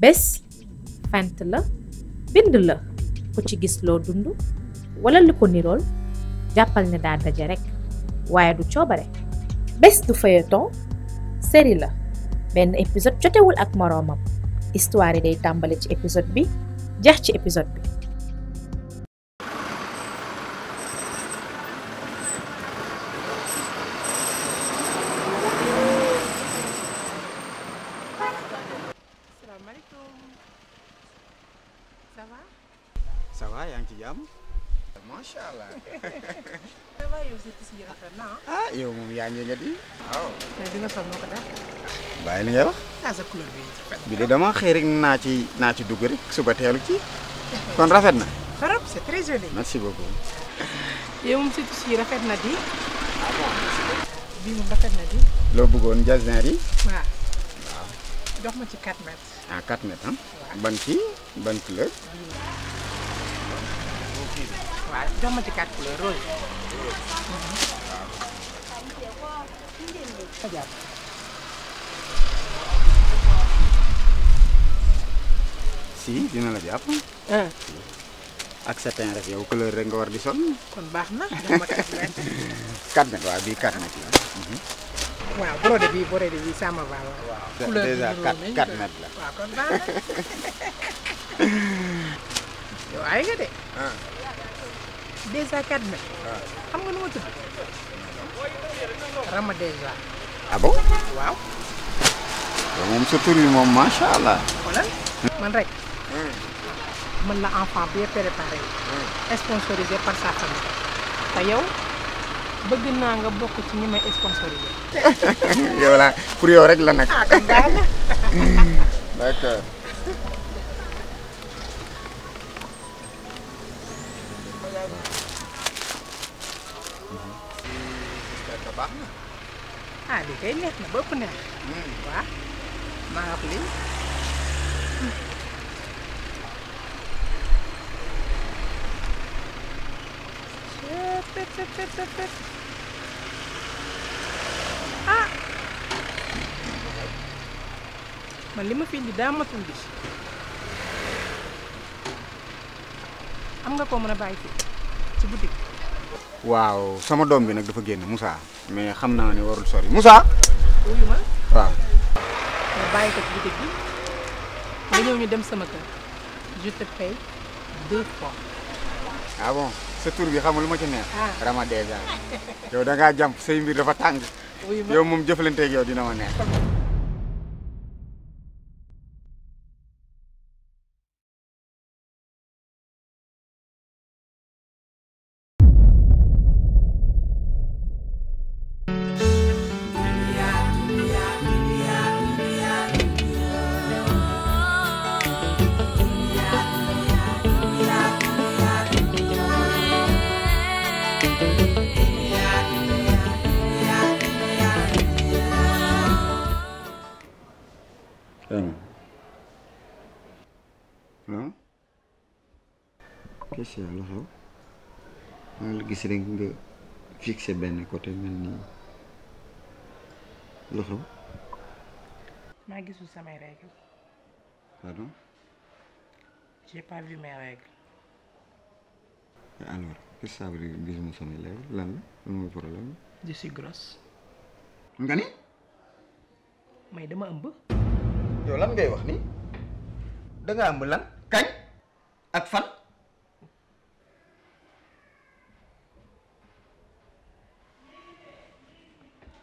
bés fent la bind la ko ci gis loo dund wala li ko nirool jàppal na daa daje rek waaye du coobare bés du feuilleton série la benn épisode jotewul ak moroomam histoire yi day tàmbali ci épisode bi jax ci épisode bi xéri na ci na ci dugg rek suba teelu ci kon rafet na. trop c'est très joli. merci beaucoup. yow moom ci si rafet na di. bi mu rafet na di. lo bëggone jardin yi. waaw dox ma ci 4 mètres. ah 4 mètres hein ban ci ban couleur. waaw jox ma ci 4 couleurs rose. waaw. si dina la japp hein eh. ak sa teint rek yow couleur rek nga war di son kon baxna dama kat len kat na bi bii kat na ci. de bi bii de bi sama va la. couleur déjà dèjà kat kat na la. waaw kon baax yo yow ay nga de. déjà kat na. xam nga nu ma tudd. rama déjà ah bon wow mom sa tour yi mom ma sha allah. man rek mën hmm. la enfant bien préparé hmm. sponsorisé par sa famille te yow bëgg naa nga bokk ci ñi may sponsorisé yow la pour yow rek la ah, d'accord ah di hmm. wah, ah man li ma fi indi daa bi am nga koo mën a bàyyi fi ci boutique waaw sama doom bi nag dafa génn Moussa mais xam naa ni warul sori Moussa. wuyu waaw. nga bàyyi ko ci bi nga ñëw ñu dem sama kër je te ah se sa tur bi xamul lu ma ci neex. Ah. Rama déjà yow da ngaa jàmp say mbir dafa tàng. yow moom jëflanteeg yow dina ma neex. qu'est-ce que lu xew maa ngi gis rek nga fixé benn côté mel nii lu xew maa gisul samay règles pardon j'ai e pas vu mes règles alors qu'est-ce que ça veut dire gisuma samay règles lan la lan mooy problème je suis grosse nga ni may dama ëmb yow lan ngay wax ni da nga ëmb lan kañ ak fan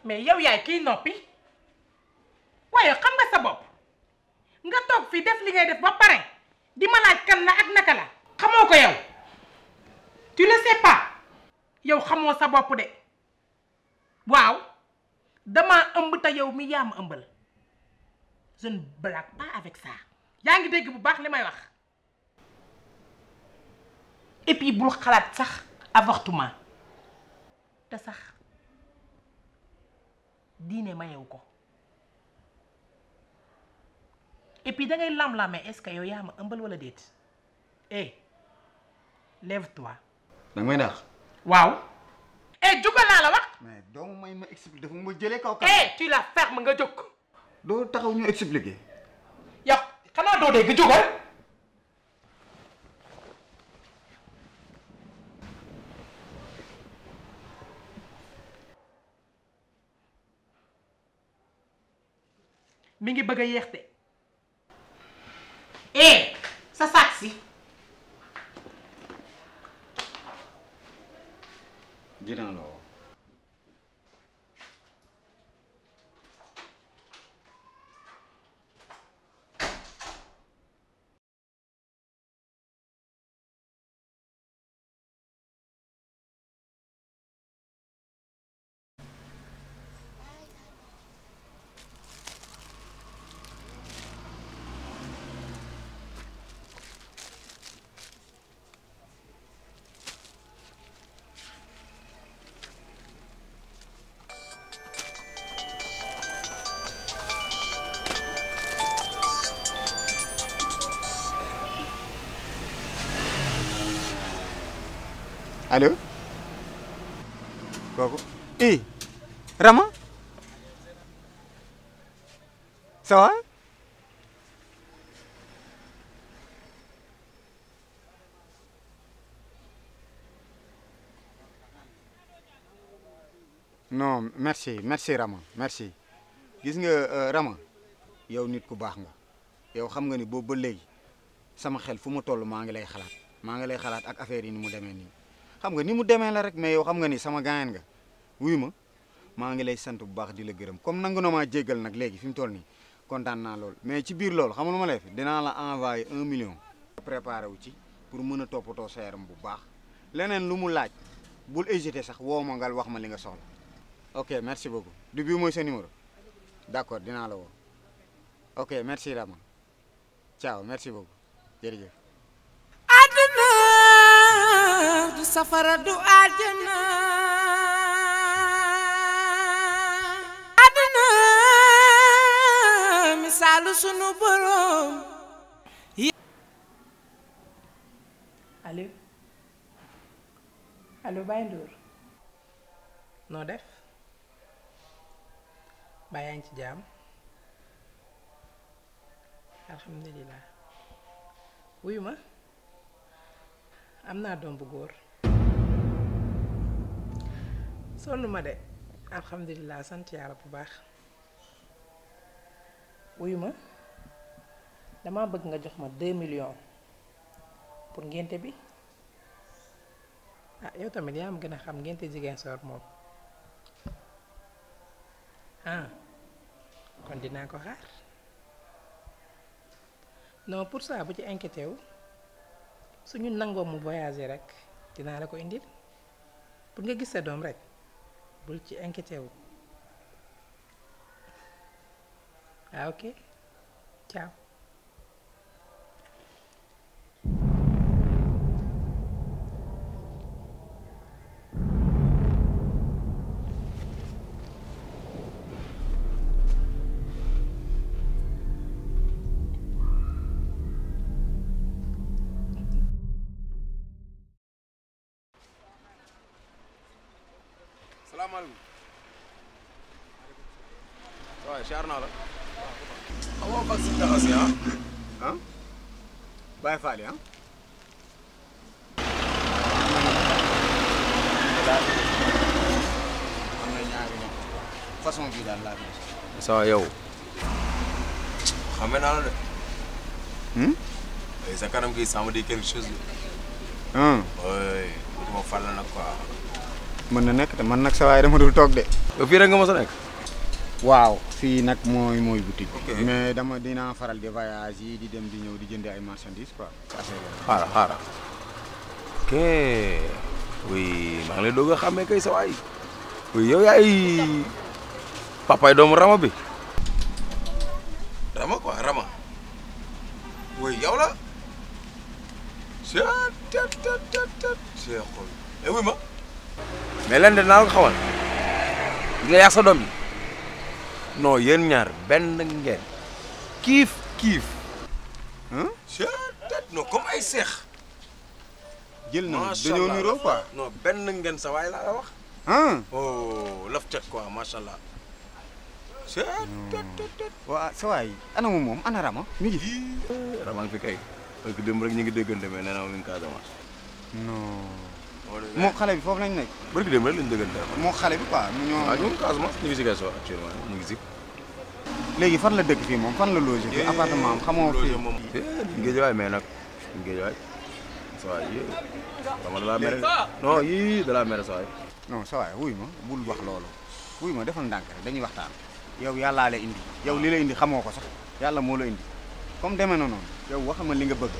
mais yow yaay ya ki nopi waaye xam nga sa bop nga tok fi def li ngay def ba pare di ma laaj kan la ak naka la xamoko yow tu le sais pas yow xamo sa bop de waw dama ëmb ta yow mi yam ma je ne blague pas avec ça yaa ngi dégg bu bax limay wax et puis bul xalat sax avortement ta sax diine mayewu ko et puis da ngay lam-lamee est-ce que yaa ma ëmbal wala déet eh lève-toi. da nga may daax. waaw. eh jugal naa la wax. may ma expliqué dafa ma jëlee kaw. eh tu la ferme nga jóg. doo taxaw ñu expliqué. yow xanaa doo dégg jugal. mi ngi bëgg a yeex de eh sa sac si dinaa la So? non merci merci Rama merci gis nga euh, Rama yow nit ku bax nga yow xam nga ni bo ba léegi sama xel fu mu tollu ma ngi lay xalat. Ma ngi lay xalat ak affaire yi ni mu demee ni. xam nga ni mu demee la rek mais yow xam nga ni sama gaayen nga Wuyuma, ma maa ngi lay sant bu baax di la gërëm comme nanguna ma maa jéggal nag léegi fi toll ni kontaan na lol mais ci bir lol xamuluma lay fi dina la envoyer 1 million. préparer wu ci pour meuna topoto serum bu baax lenen lu mu laaj bul hésiter sax woo ma ngal wax ma li nga soxla. ok merci beaucoup du bi moy sa numéro d'accord dina la wo ok merci Rama ciao merci beaucoup jërëjëf. àdduna du safara du àjjana. yàlla sunu borom. allo allo Baye Ndour noo def Baye ngi ci jaam alhamdulilah wuyu ma am naa doom bu góor sonn ma de alhamdulilah sant yàlla bu baax. wuyu ma dama bëgg nga jox ma 2 million pour ngénte bi ah yow tamit yaa am gën a xam ngénte jigéen soor moom ah kon dinaa ko xaar non pour ça bu ci inquiété wu suñu nangoo mu voyager rek dinaa la ko indil pour nga gis sa doom rek bul ci inquiété wu Ah, okay. Ciao. façon bii daal laa koy. ça yow. xame naa la de. sa kanam gi ça me quelque chose. oui ma fàll nag quoi. mën na nekk te man nag sa waay dama dul toog de. fii rek nga mos a e nekk. waaw fii nag mooy mooy boutique mais dama dinaa faral di voyage yi di dem di ñëw di jëndee ay marchandises quoi. sa waay. yow yaay. papaay doomu rama bi rama quoi rama woy yow la seexul e eh, wuy leen de naa la ko xamal nga yàq sa doom yi non yéen ñaar benn ngeen kiif kiif se tet non ay seex jël na dañoo niroo quoi non benn ngeen sa waay laa la wax oh, laf tet quoi macha waa sa waay ana moom moom ana Rama mi ngi fi. Rama ngi fi kay parce rek ñu ngi déggante mais nee na ma mi ngi Casamance. non. moo xale bi foofu lañ nekk. barki démb rek lañ déggante. moo xale bi quoi mu ñoo. waaw ñu ngi Casamance ñu ngi si Gassou ngi si. léegi fan la dëkk fii moom fan la logé fii eh, appartement am xamoo fii. Eh, géej waay mais nag géej waay sa waay yii dama dalaa mere non yii dalaa mere sa waay. non sa waay wuy ma bul wax loolu wuy ma defal ndànk rek dañuy waxtaan. yow yàllaa la indi yow li la indi xamoo ko sax yàlla moo la indi comme demee na noonu yow waxal ma li nga bëgg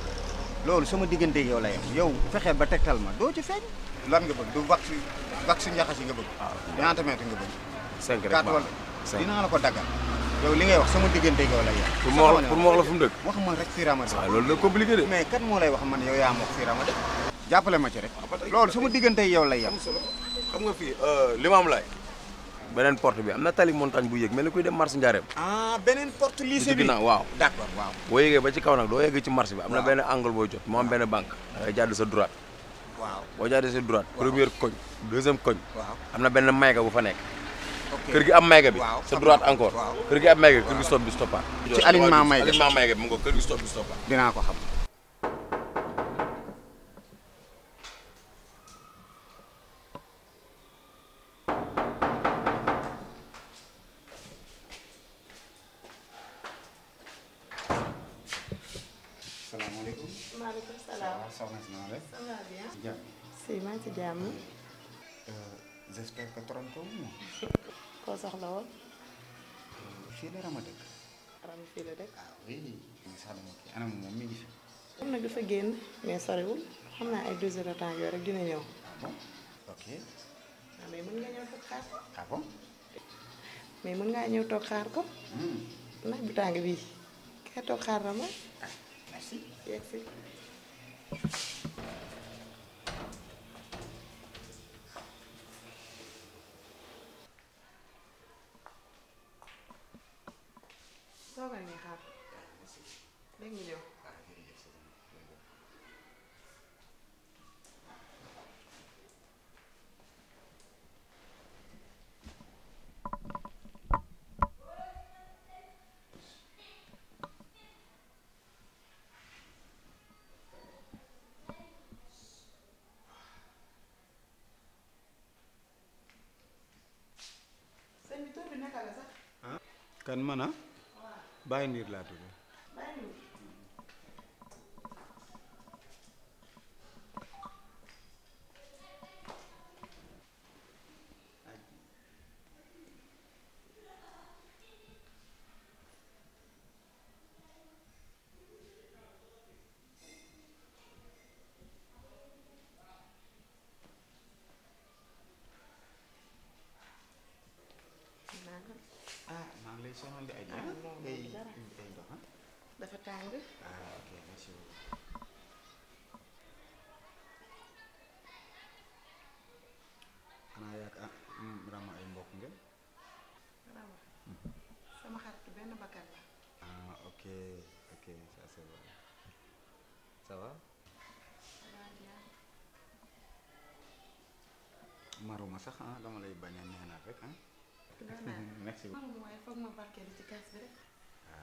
loolu sama diggantee yow la yem yow fexeel ba tegtal ma doo ci feeñ. lan nga bëgg du wax si wax si ñaxas yi nga bëgg. waaw ah, ñaata mètre nga bëgg. cinq rek ma dinaa la ko daggal. yow li ngay wax sama diggante yow la yem. pour mu wax la fu dëkk. wax ma rek fii Ramadi. waaw loolu la compliqué de. mais kat moo lay wax man yow yaa ma wax fii jàppale ma ci rek. Ah, loolu sama diggante yow la yem. xam nga fii euh, li ma am laay beneen porte bi am na tali montagne bu yéeg mel ni kuy dem marché Ndiarème. ah beneen porte lycée bi ginnaaw waaw. d' accord ba ci kaw nag doo yéegee ci marché bi. am na benn angle booy jot moo am benn banque. da jàdd sa droite. waaw boo jàddee sa droite. première koñ deuxième koñ. waaw am na benn mayga bu fa nekk. kër gi am mayga bi. sa droite encore. kër gi am mayga bi kër gi stop bi stoppaat. ci alignement mayga bi alignement mayga bi mu kër gi stop bi stoppaat. dinaa ko xam. maaleykum salaam ça va soxna si si jàmm. si maa ngi si jàmm. j'espère que trompé wu ma. koo soxla woon. fii la Rama dëkk. Rama fii la dëkk. ah oui. incha allah ok anam moom mi ngi fi. xam na dafa génn mais soriwul xam naa ay deux heures de temps yooyu mën nga ñëw toog xaar ko. ah bon. mais mën ngaa ñëw toog xaar ko. naaj bu tàng bii kay toog xaar Rama. Good you. kan man a Baye Ndiir laa ma sax ah dama lay bañ a neexal rek ah. merci beaucoup. foog ma barkeelu ci kees bi rek. Ah,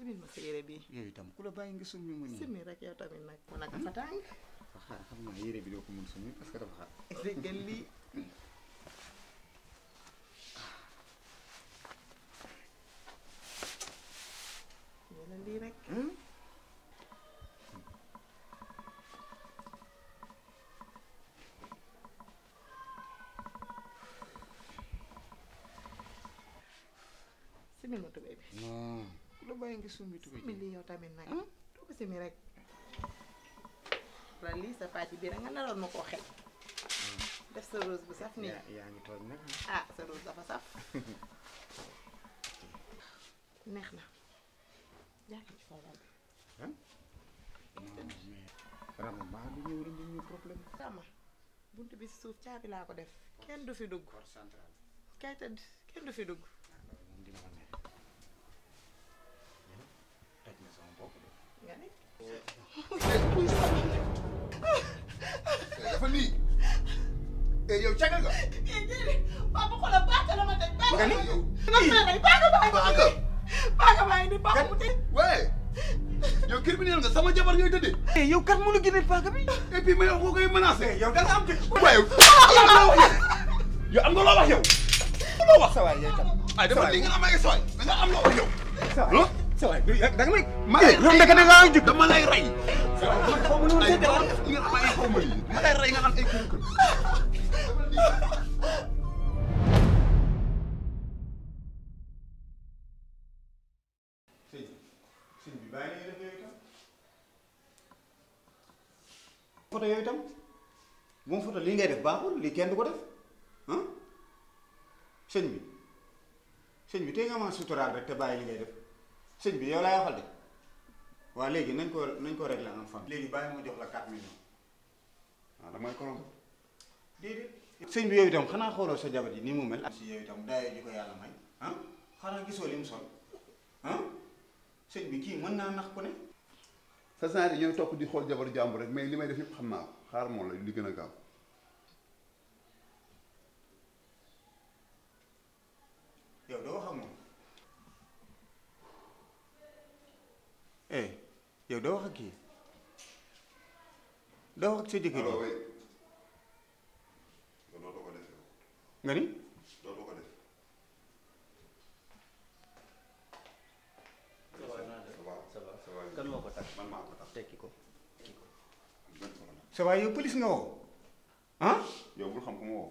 simil ma sa yére bi yooyu itam ku la bàyyi nga summi mu nii simmi rek yow tamit nag mu nag fa tàng xam naa yére bi doo lu bàyyi nga summi tubi mi lii yow tamit nag tubi si mi rek la lii sa pàcc bi rek nga naroon ma koo xel hmm. def sa rose bu saf nii yaa ngi tooñ nag ah sa rose na yaa ngi ci foofu rama maa du ñëw rek ñu problème rama bunt bi si suuf caabi laa ko def kenn du fi dugg kay tëdd kenn du fi dugg dafa nii. yow cagal nga. papa xoolal baax la ma teg. nga ni ni papa mu teg. waaye yow criminel nga sama jabar ngay tëddee. yow kat mënu génne paaka bi. et puis ma yow koo yu menacé. yow da nga am dëkk. waaye yow am nga a wax yow. loo wax sa waay yow am ay sooy da nga am loo wax yow. sa waay da nga may. maa yow nekk da ngaa jóg dama lay rey. ma lay rey nga xam ay kër kër. foto yooyu itam moom foto lii ngay def baaxul lii kenn du def te bàyyi li ngay def. sëñ bi yow laay waxal de waaw léegi nañ ko nañ ko réglé en famille. léegi bàyyi ma jox la 4 millions waaw damay korom déedéet. sëñ bi yow itam xanaa xooloo sa jabar yi ni mu mel. si yow itam daayoo ji ko yàlla may ah xanaa gisoo li mu sol ah sëñ bi kii mën naa nax ku ne. sa saa ñooy topp di xool jabar jàmbur rek mais li may def yëpp xam naa ko xaar moo la li gën a gaaw. eh yow doo wax ak kii doo wax ak sa jëkkër ji. nga ni. sa yow police nga woo ah. yow bul xam ku ma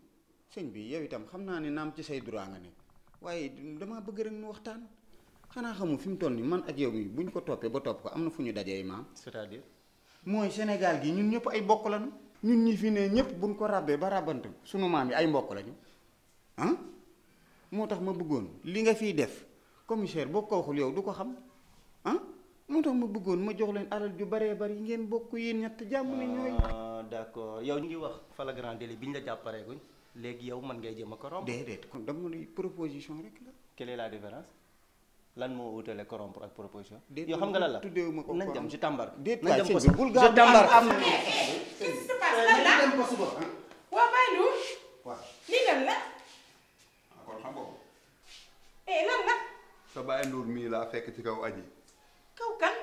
sëñ bi yow itam xam naa ne naam ci say droit nga nekk waaye dama bëgg rek nu waxtaan xanaa xamul fi mu toll nii man ak yow mi bu ñu ko toppee ba topp ko am na fu ñu dajee maam. c' est à dire mooy Sénégal gi ñun ñëpp ay bokk lañu. ñun ñi fi ne ñëpp buñ ko ràbbee ba ràbbante sunu maam yi ay mbokk lañu ah moo tax ma bëggoon li nga fiy def commissaire boo ko waxul yow du ko xam ah moo tax ma bëggoon ma jox leen alal ju baree bari ngeen bokk yéen ñett jàmm ne ñooy. d' ah, d'accord yow ñu ngi wax flagrant délit bi ñu la jàppareeguñ légui yow man ngay jëm ak rom romb. déedéet kon dama ni proposition rek la. quelle est la différence lan moo utale corrompre ak proposition. yo xam nga la la tuddee ma ko nañ dem si tàmbar. déet waay sëñ bi bul gaaw tàmbar am ah, eh, sa bàyyi nduur mi la fekk ci kaw aji. kaw kan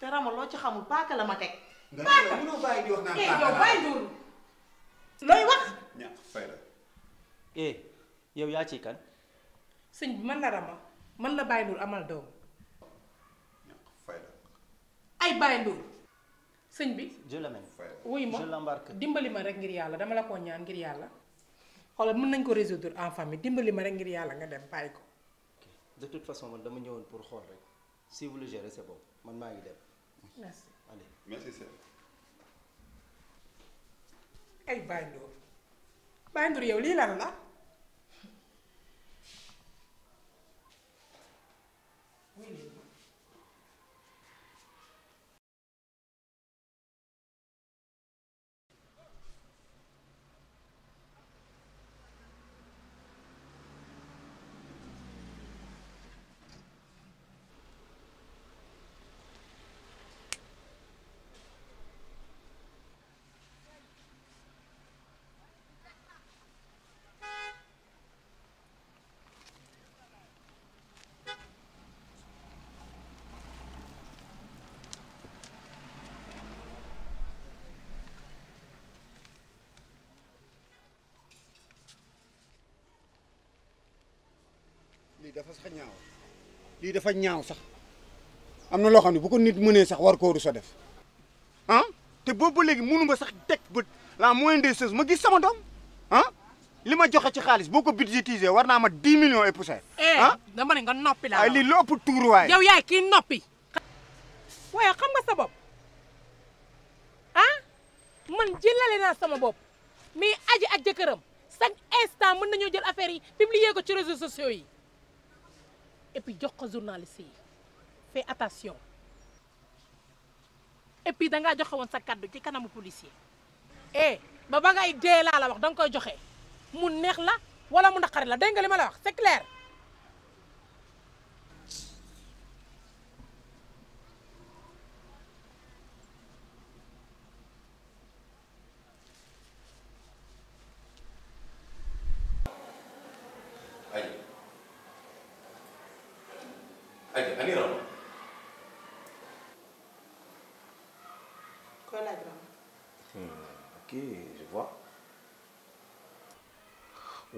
te rama lo ci xamul pa ka la ma tek paaka nga ne munoo bàyyi eh, di wax na naan paaka loy wax. ñàkk fayda eh yow yaa ci kan. sëñ bi man la Rama man la bàyyi Ndour amal doom. ay Baye Ndour. sëñ bi. je l'amène fayda wuy ma je dimbali ma rek ngir yàlla dama la ko ñaan ngir yàlla. xoolal mën nañ ko résoudre en famille dimbali ma rek ngir yàlla nga dem bàyyi ko. de toute façon man dama ñëwoon pour xool rek si vous le gérez c'est man maa ngi dem. merci ay Baye Ndour. Baye Ndour yow lii lan la. Oui. lii dafa sax ñaaw lii dafa ñaaw sax amna lo xamni bu ko nit mëne sax war ko rus a def han ah? te boobu ba mënu nga sax tek bët la moindre des choses ma gis sama dom han ah? Lima joxe ci xaalis boo ko budgétisé war naa ma 10 millions et poussière. Eh, ah dama ne nga nopi la ay li lopp tour way yow yaay ki nopi way xam nga sa bop han ah? man jëlale na sama bop mi aji ak jëkkëram sax instant mën nañu jël affaire yi publier ko ci réseaux sociaux yi. et puis jox ko journaliste yi fais attention et puis nga joxe won sa cadeau ci kanamu policier eh ba ba ngay dee la la wax dang koy joxe mu neex la wala mu la wax c'est clair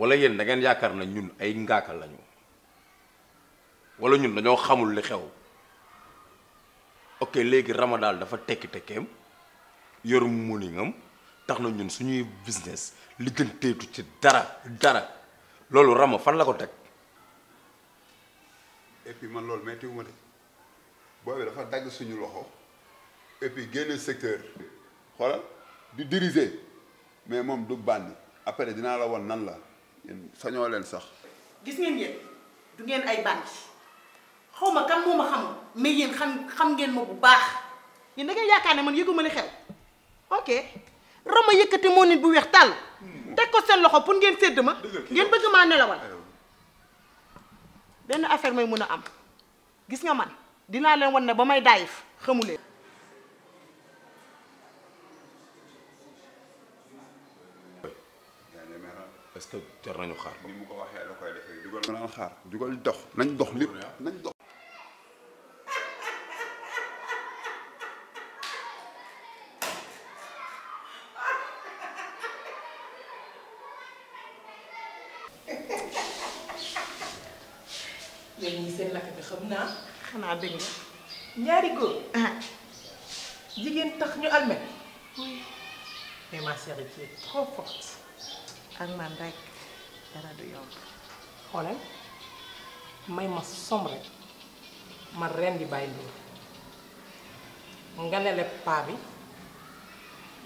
wala yéen da ngeen yaakaar na ñun ay ngaaka lañu wala ñun dañoo xamul li xew ok léegi daal dafa tekki tekkeem yor muningam tax na ñun suñuy business li gën ci dara dara loolu Rama fan la ko teg. et puis man loolu métti wu ma de boobu dafa dagg suñu loxo et puis génne secteur xoolal di diriger mais moom du bànn après dinaa la won nan la. yéen sañoo leen sax. gis ngeen yéen du ngeen ay bandi xaw ma kan moo ma xamul mais yéen xam xam ngeen ma bu baax yéen da ngeen yaakaar ne man yëguma li xew ok rama yëkkati moo nit bu weex tàll. Hmm. teg ko seen loxo pour ngeen sedd ma. ngeen bëgg maa nelawal. benn affaire may mën a am gis nga man dinaa leen wan ne ba may daayif xamu est-ce que jar xaar ko. mu ko waxee la koy defee dugal ma xaar dugal dox nañ dox lépp nañ dox. yéen ñii seen lakk bi xam naa. xanaa ñaari góor. jigéen tax ñu almet. mais ma chérie tu es trop forte. ak man rek dara du yomb xoolal may ma som rek ma ren di bàyyi loolu nga nele paa bi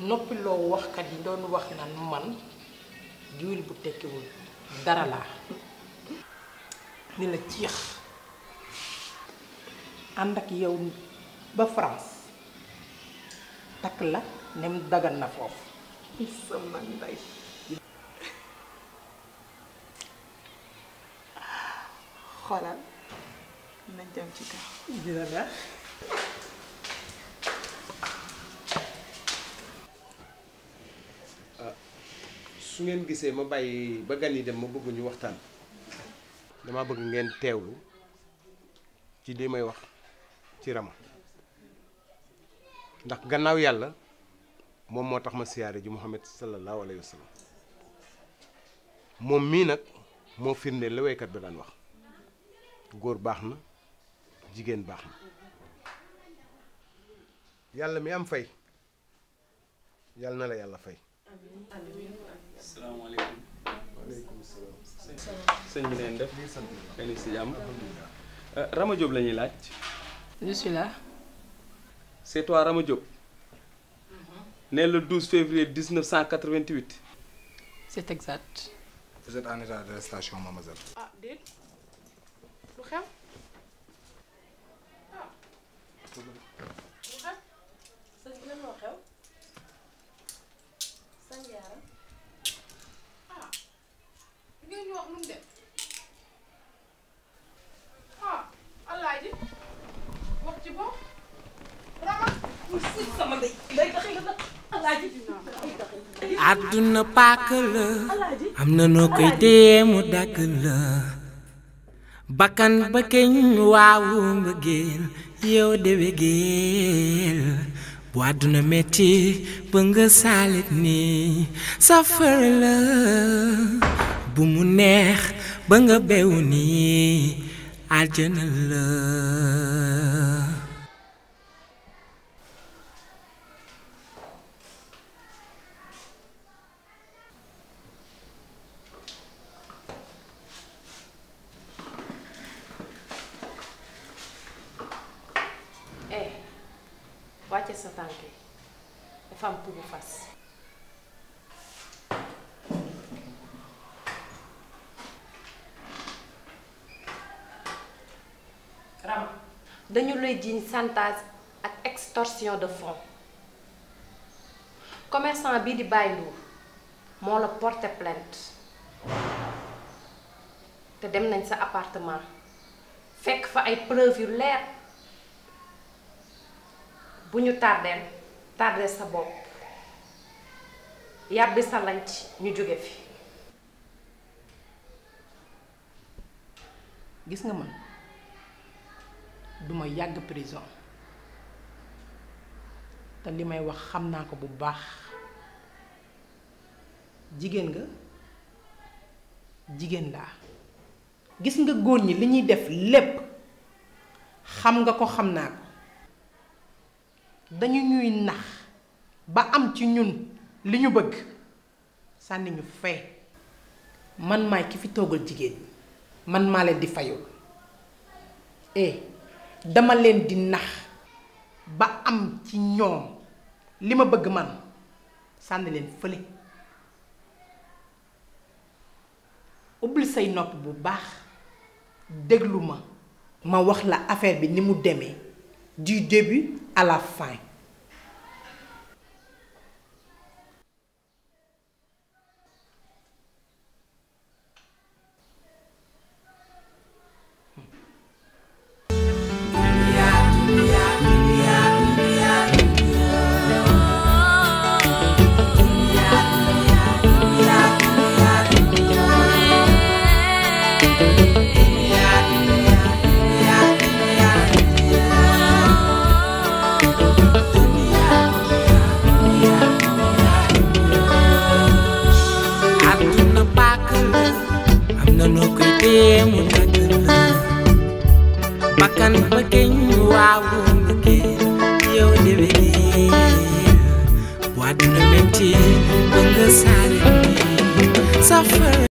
noppi loo waxkat yi doon wax naan man jiwil bu tekkiwul dara laa ni la ciix ànd ak yow ba France takk la nem dagan na foofu sama ndey xoolal ah, su ngeen gisee ma bàyyi ba gan yi dem ma bëgg ñu waxtaan dama bëgg ngeen teewlu ci li may wax ci Rama ndax gannaaw yàlla moom moo tax ma siyaare ji Muhammad sallallahu alayhi wa sallam moom mii nag moo firndeel la waykat ba daan wax. góor baxna jigen baxna yalla mi am fay yalla na la yàlla fay. salaamaaleykum. waaleykum salaam. sëñ bi neen def. ngeen si jàmm. Euh, Rama Diop la ñuy laaj. je suis là. c'est toi Rama Diop. Mhm. né le 12 février 1988. c'est exact. vous êtes en état d'arrestation mademoiselle. ah déet. xew sëñ la am na noo koy téye mu dàkk la bakkan ba keñ waawu mbëggeel yow de wegeel bu àdduna metti ba nga saalit ni safara la bu mu neex ba nga bew ni àjjana la femme pour dañu lay jiiñ chantage ak extorsion de fonds commerçant bii di Baye Ndour moo la porté plainte te dem nañ sa appartement fekk fa ay preuve yu leer bu ñu tardeel tardé sa bopp yàbbi sa lanc ñu jóge fi gis nga man duma yàgg prison te li may wax xam naa ko bu baax jigéen nga jigéen laa gis nga góor ñi li ñuy def lépp xam nga ko xam naa ko dañu ñuy nax ba am ci ñun li ñu bëgg sànni ñu fee man maay ki fi toogal jigéen man maa leen di fayul eh dama leen di nax ba am ci ñoom li ma bëgg man sànni leen fële ubbil say nopp bu baax déglu ma ma wax la affaire bi ni mu demee du bi à la fin.